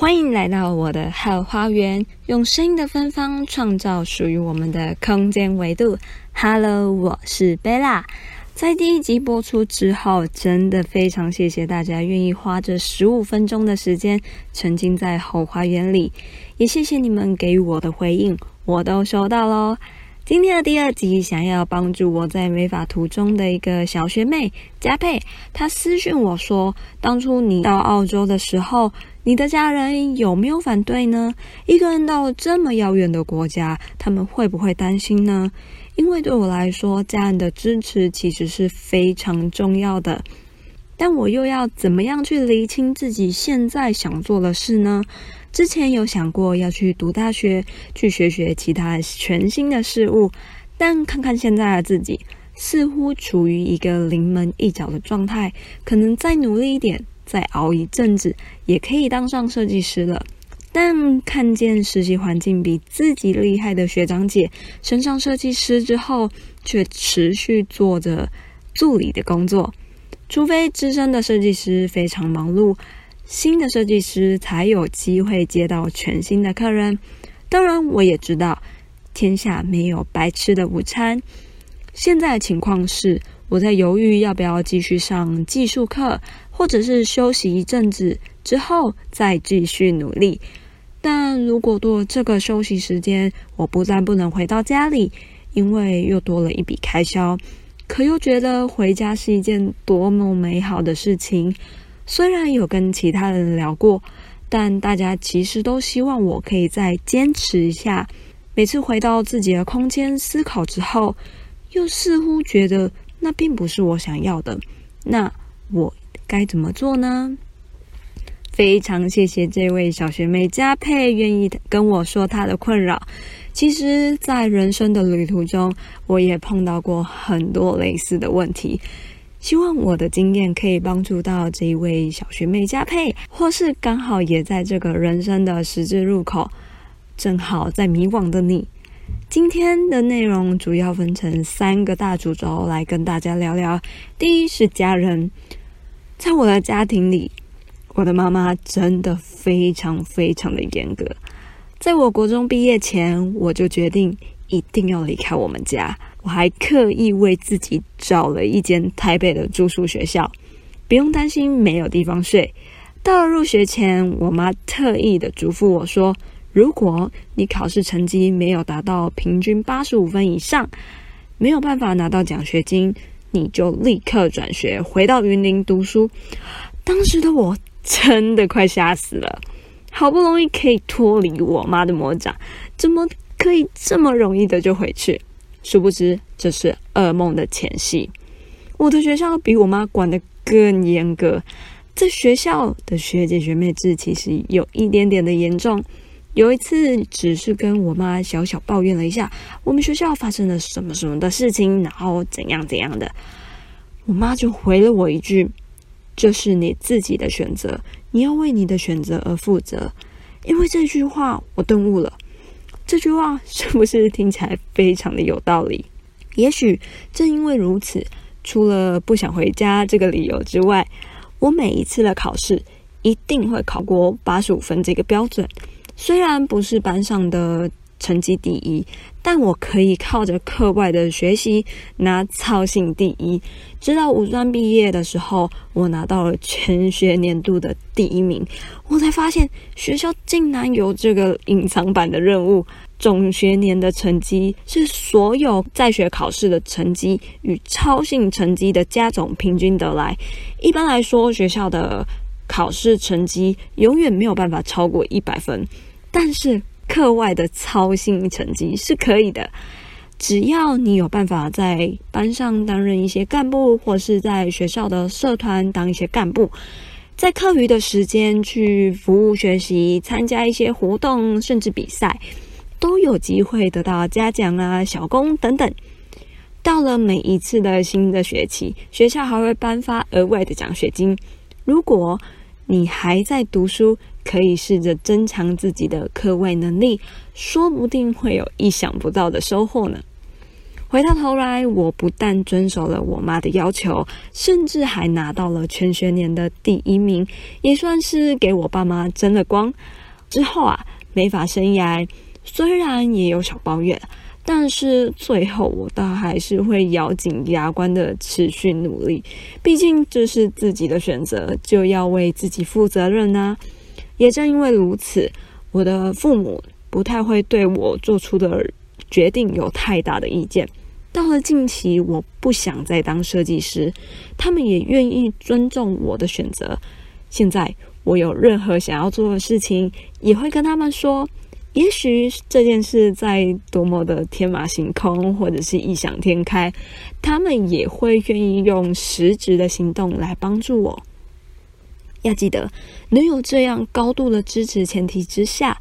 歡迎來到我的後花園，用聲音的芬芳創造屬於我們的空間維度。Hello，我是貝拉。在第一集播出之後，真的非常謝謝大家願意花這十五分鐘的時間沉浸在後花園裡，也謝謝你們給予我的回應，我都收到嘍。今天的第二集，想要幫助我在美髮途中的一個小學妹家佩，她私訊我說：“當初你到澳洲的時候。”你的家人有沒有反對呢？一個人到了這麼遙遠的國家，他們會不會擔心呢？因為對我來說，家人的支持其實是非常重要的。但我又要怎麼樣去釐清自己現在想做的事呢？之前有想過要去讀大學，去學學其他全新的事物，但看看現在的自己，似乎處於一個臨門一腳的狀態，可能再努力一點。再熬一陣子，也可以當上設計師了。但看見實習環境比自己厲害的學長姐升上設計師之後，卻持續做着助理的工作。除非資深的設計師非常忙碌，新的設計師才有機會接到全新的客人。當然，我也知道，天下沒有白吃的午餐。現在的情況是。我在猶豫要不要繼續上技術課，或者是休息一陣子之後再繼續努力。但如果多了這個休息時間，我不但不能回到家裡，因為又多了一筆開銷，可又覺得回家是一件多麼美好的事情。雖然有跟其他人聊過，但大家其實都希望我可以再堅持一下。每次回到自己的空間思考之後，又似乎覺得。那並不是我想要的，那我該怎麼做呢？非常謝謝這位小學妹家佩願意跟我說她的困擾。其實，在人生的旅途中，我也碰到過很多類似的問題。希望我的經驗可以幫助到這一位小學妹家佩，或是剛好也在這個人生的十字路口，正好在迷惘的你。今天的內容主要分成三個大主軸來跟大家聊聊。第一是家人，在我的家庭裡，我的媽媽真的非常非常的嚴格。在我國中畢業前，我就決定一定要離開我們家。我還刻意為自己找了一間台北的住宿學校，不用擔心沒有地方睡。到了入學前，我媽特意的囑咐我說，如果你考試成績沒有達到平均八十五分以上，沒有辦法拿到獎學金，你就立刻轉學，回到雲林讀書。當時的我真的快嚇死了，好不容易可以脫離我媽的魔掌，怎麼可以這麼容易的就回去？殊不知這是噩夢的前戲。我的學校比我媽管得更嚴格，在學校的學姐學妹制其實有一點點的嚴重。有一次，只是跟我媽小小抱怨了一下，我們學校發生了什麼什麼的事情，然後怎樣怎樣的，我媽就回了我一句：“這是你自己的選擇，你要為你的選擇而負責。”因為這句話，我頓悟了。這句話是不是聽起來非常的有道理？也許正因為如此，除了不想回家這個理由之外，我每一次的考試一定會考過八十五分這個標準。雖然不是班上的成績第一，但我可以靠着課外的學習拿操行第一。直到五專畢業的時候，我拿到了全學年度的第一名。我才發現，學校竟然有這個隱藏版的任務：總學年的成績是所有在學考試的成績與操行成績的加總平均得來。一般來說，學校的考試成績永遠沒有辦法超過一百分。但是課外的操行成績是可以的，只要你有辦法在班上擔任一些幹部，或是在學校的社團當一些幹部，在課餘的時間去服務學習、參加一些活動，甚至比賽，都有機會得到嘉獎啊、小功等等。到了每一次的新的學期，學校還會頒發額外的獎學金。如果你還在讀書。可以試着增強自己的課外能力，說不定會有意想不到的收穫呢。回到頭來，我不但遵守了我媽的要求，甚至還拿到了全學年的第一名，也算是給我爸媽爭了光。之後啊，美髮生涯，雖然也有小抱怨，但是最後我倒還是會咬緊牙關的持續努力，畢竟這是自己的選擇，就要為自己負責任吶、啊。也正因為如此，我的父母不太會對我做出的決定有太大的意見。到了近期，我不想再當設計師，他們也願意尊重我的選擇。現在，我有任何想要做的事情，也會跟他們說。也許這件事在多麼的天馬行空，或者是異想天開，他們也會願意用實質的行動來幫助我。要記得，能有這樣高度的支持前提之下，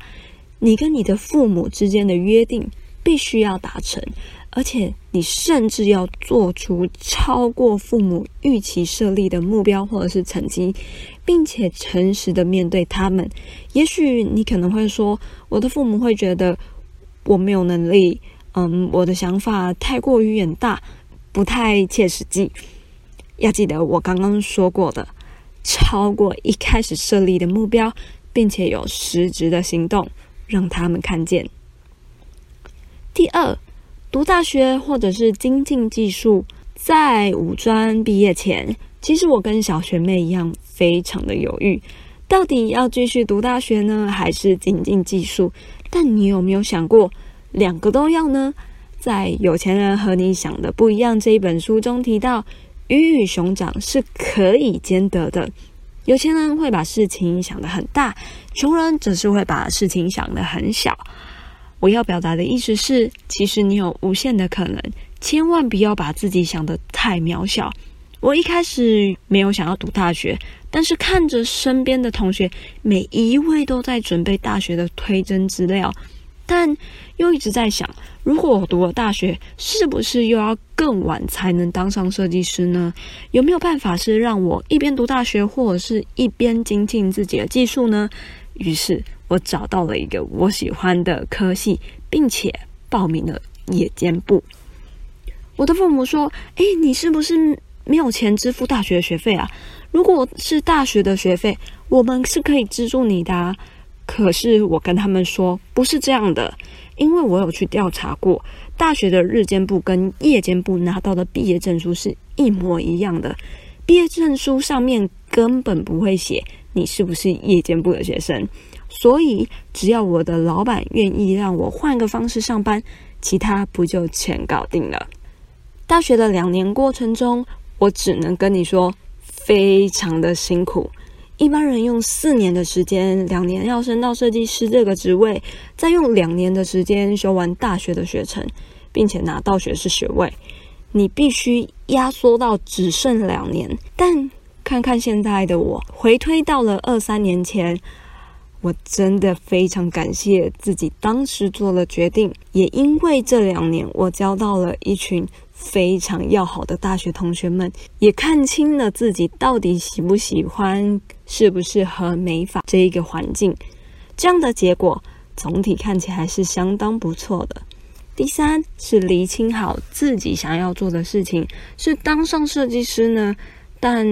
你跟你的父母之間的約定必須要達成，而且你甚至要做出超過父母預期設立的目標或者是成績，並且誠實的面對他們。也許你可能會說，我的父母會覺得我沒有能力，嗯，我的想法太過於遠大，不太切實際。要記得我剛剛說過的。超過一開始設立的目標，並且有實質的行動，讓他們看見。第二，讀大學或者是精進技術，在五專畢業前，其實我跟小學妹一樣，非常的猶豫，到底要繼續讀大學呢，還是精進技術？但你有沒有想過，兩個都要呢？在《有錢人和你想的不一樣》這一本書中提到。魚與熊掌是可以兼得的，有錢人會把事情想得很大，窮人只是會把事情想得很小。我要表達的意思是，其實你有無限的可能，千萬不要把自己想得太渺小。我一開始沒有想要讀大學，但是看着身邊的同學，每一位都在準備大學的推甄資料。但又一直在想，如果我讀了大學，是不是又要更晚才能當上設計師呢？有沒有辦法是讓我一邊讀大學，或者是一邊精進自己的技術呢？於是我找到了一個我喜歡的科系，並且報名了夜間部。我的父母說：“誒，你是不是沒有錢支付大學的學費啊？如果是大學的學費，我們是可以資助你的啊。”可是我跟他們說不是這樣的，因為我有去調查過，大學的日間部跟夜間部拿到的畢業證書是一模一樣的，畢業證書上面根本不會寫你是不是夜間部的學生，所以只要我的老板願意讓我換個方式上班，其他不就全搞定了？大學的兩年過程中，我只能跟你說非常的辛苦。一般人用四年的時間，兩年要升到設計師這個職位，再用兩年的時間修完大學的學程，並且拿到學士學位。你必須壓縮到只剩兩年。但看看現在的我，回推到了二三年前，我真的非常感謝自己當時做了決定。也因為這兩年，我交到了一群非常要好的大學同學們，也看清了自己到底喜不喜歡。是不是和美髮這一個環境，這樣的結果總體看起來是相當不錯的。第三是釐清好自己想要做的事情，是當上設計師呢？但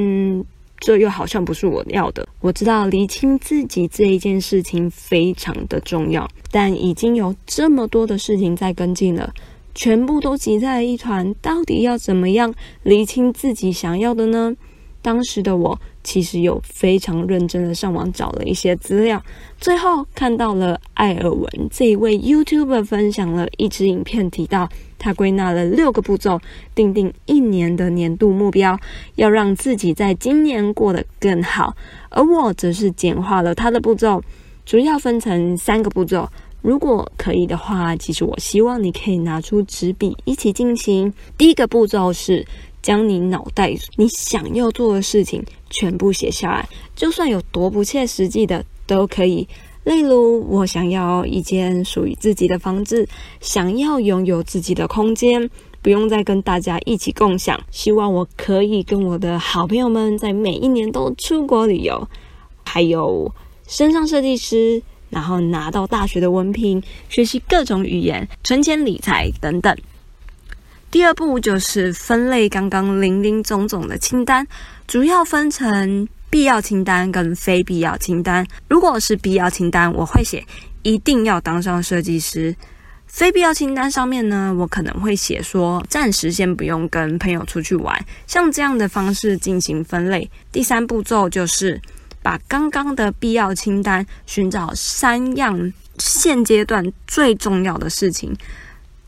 這又好像不是我要的。我知道釐清自己這一件事情非常的重要，但已經有這麼多的事情在跟進了，全部都擠在了一團，到底要怎麼樣釐清自己想要的呢？當時的我。其實有非常認真的上網找了一些資料，最後看到了艾爾文這一位 YouTuber 分享了一支影片，提到他歸納了六個步驟，訂定一年的年度目標，要讓自己在今年過得更好。而我則是簡化了他的步驟，主要分成三個步驟。如果可以的話，其實我希望你可以拿出紙筆一起進行。第一個步驟是將你腦袋你想要做的事情全部寫下來，就算有多不切實際的都可以。例如，我想要一間屬於自己的房子，想要擁有自己的空間，不用再跟大家一起共享。希望我可以跟我的好朋友們在每一年都出國旅遊，還有身上設計師。然後拿到大學的文憑，學習各種語言、存錢理財等等。第二步就是分類剛剛林林總總的清單，主要分成必要清單跟非必要清單。如果是必要清單，我會寫一定要當上設計師；非必要清單上面呢，我可能會寫說暫時先不用跟朋友出去玩。像這樣的方式進行分類。第三步驟就是。把剛剛的必要清單，尋找三樣現階段最重要的事情，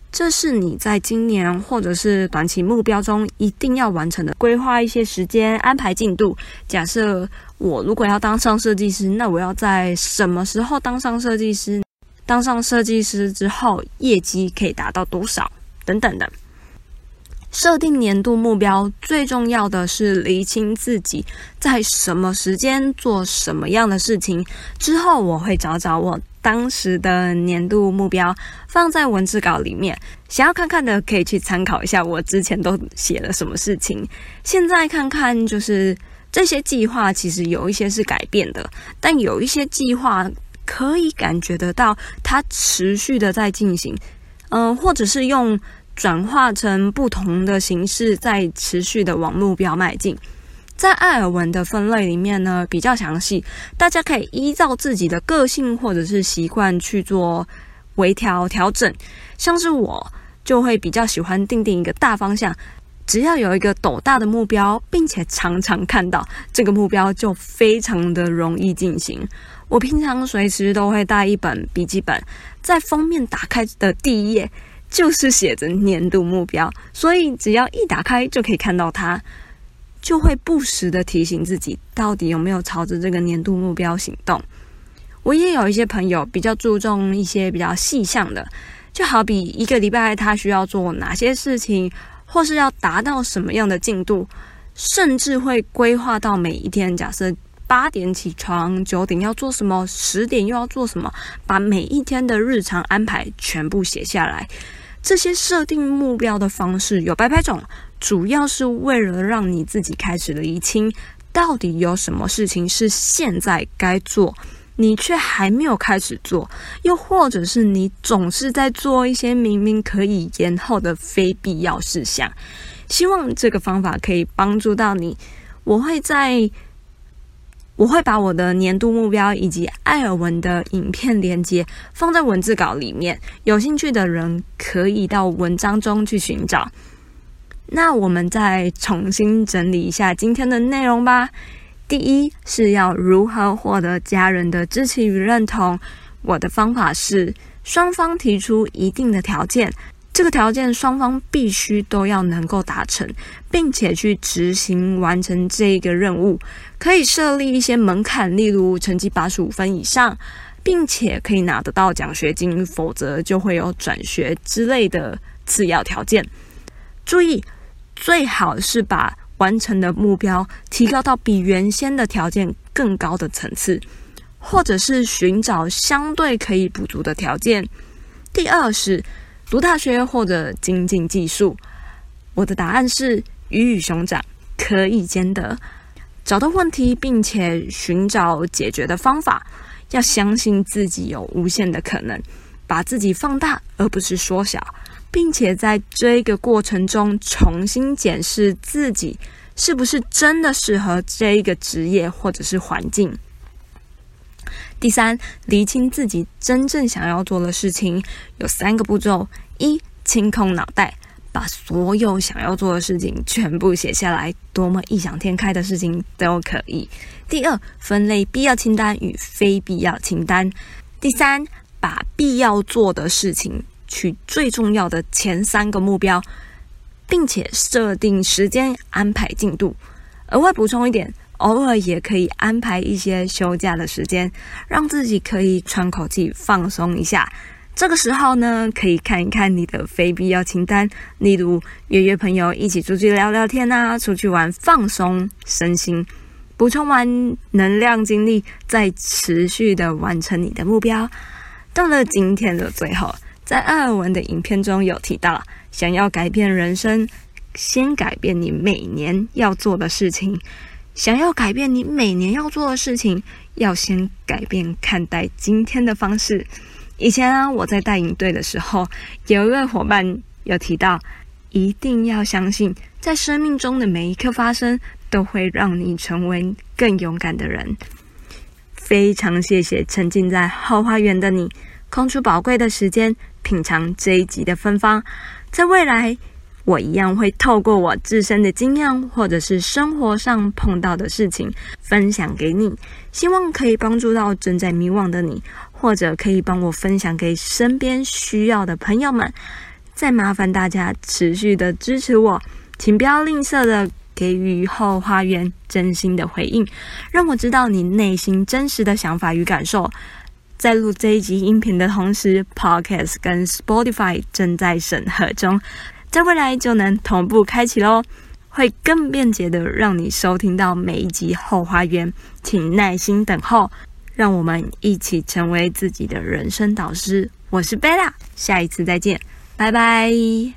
這是你在今年或者是短期目標中一定要完成的。規劃一些時間，安排進度。假設我如果要當上設計師，那我要在什麼時候當上設計師？當上設計師之後，業績可以達到多少？等等的。設定年度目標最重要的是釐清自己在什麼時間做什麼樣的事情。之後我會找找我當時的年度目標放在文字稿裡面，想要看看的可以去參考一下我之前都寫了什麼事情。現在看看，就是這些計劃其實有一些是改變的，但有一些計劃可以感覺得到它持續的在進行，嗯、呃，或者是用。轉化成不同的形式，再持續地往目標邁進。在艾爾文的分類裡面呢，比較詳細，大家可以依照自己的個性或者是習慣去做微調調整。像是我就會比較喜歡訂定一個大方向，只要有一個斗大的目標，並且常常看到這個目標，就非常的容易進行。我平常隨時都會帶一本筆記本，在封面打開的第一頁。就是寫着年度目標，所以只要一打開就可以看到它，就會不時的提醒自己到底有沒有朝着這個年度目標行動。我也有一些朋友比較注重一些比較細項的，就好比一個禮拜他需要做哪些事情，或是要達到什麼樣的進度，甚至會規劃到每一天。假設。八點起床，九點要做什麼，十點又要做什麼，把每一天的日常安排全部寫下來。這些設定目標的方式有百百種，主要是為了讓你自己開始釐清，到底有什麼事情是現在該做，你卻還沒有開始做，又或者是你總是在做一些明明可以延後的非必要事項。希望這個方法可以幫助到你。我會在。我會把我的年度目標以及艾爾文的影片連接放在文字稿裡面，有興趣的人可以到文章中去尋找。那我們再重新整理一下今天的內容吧。第一是要如何獲得家人的支持與認同，我的方法是雙方提出一定的條件。這個條件雙方必須都要能夠達成，並且去執行完成這一個任務，可以設立一些門檻，例如成績八十五分以上，並且可以拿得到獎學金，否則就會有轉學之類的次要條件。注意，最好是把完成的目標提高到比原先的條件更高的層次，或者是尋找相對可以補足的條件。第二是，讀大學或者精進技術，我的答案是魚與熊掌可以兼得。找到問題，並且尋找解決的方法，要相信自己有無限的可能，把自己放大，而不是縮小，並且在這個過程中重新檢視自己是不是真的適合這一個職業或者是環境。第三，釐清自己真正想要做的事情，有三個步驟：一、清空腦袋，把所有想要做的事情全部寫下來，多麼異想天開的事情都可以；第二，分類必要清單與非必要清單；第三，把必要做的事情取最重要的前三個目標，並且設定時間安排進度。額外補充一點。偶爾也可以安排一些休假的時間，讓自己可以喘口氣、放鬆一下。這個時候呢，可以看一看你的非必要清單，例如約約朋友一起出去聊聊天啊，出去玩放鬆身心，補充完能量、精力，再持續的完成你的目標。到了今天的最後，在艾爾文的影片中有提到，想要改變人生，先改變你每年要做的事情。想要改變你每年要做的事情，要先改變看待今天的方式。以前啊，我在帶領隊的時候，有一位夥伴有提到，一定要相信，在生命中的每一刻發生，都會讓你成為更勇敢的人。非常謝謝沉浸在 Hoo 花園的你，空出寶貴的時間品嘗這一集的芬芳，在未來。我一樣會透過我自身的經驗，或者是生活上碰到的事情，分享給你，希望可以幫助到正在迷惘的你，或者可以幫我分享給身邊需要的朋友們。再麻煩大家持續的支持我，請不要吝嗇的給予後花園真心的回應，讓我知道你內心真實的想法與感受。在錄這一集音頻的同時，Podcast 跟 Spotify 正在審核中。在未來就能同步開啟嘍，會更便捷的讓你收聽到每一集《後花園》，請耐心等候。讓我們一起成為自己的人生導師。我是 Bella，下一次再見，拜拜。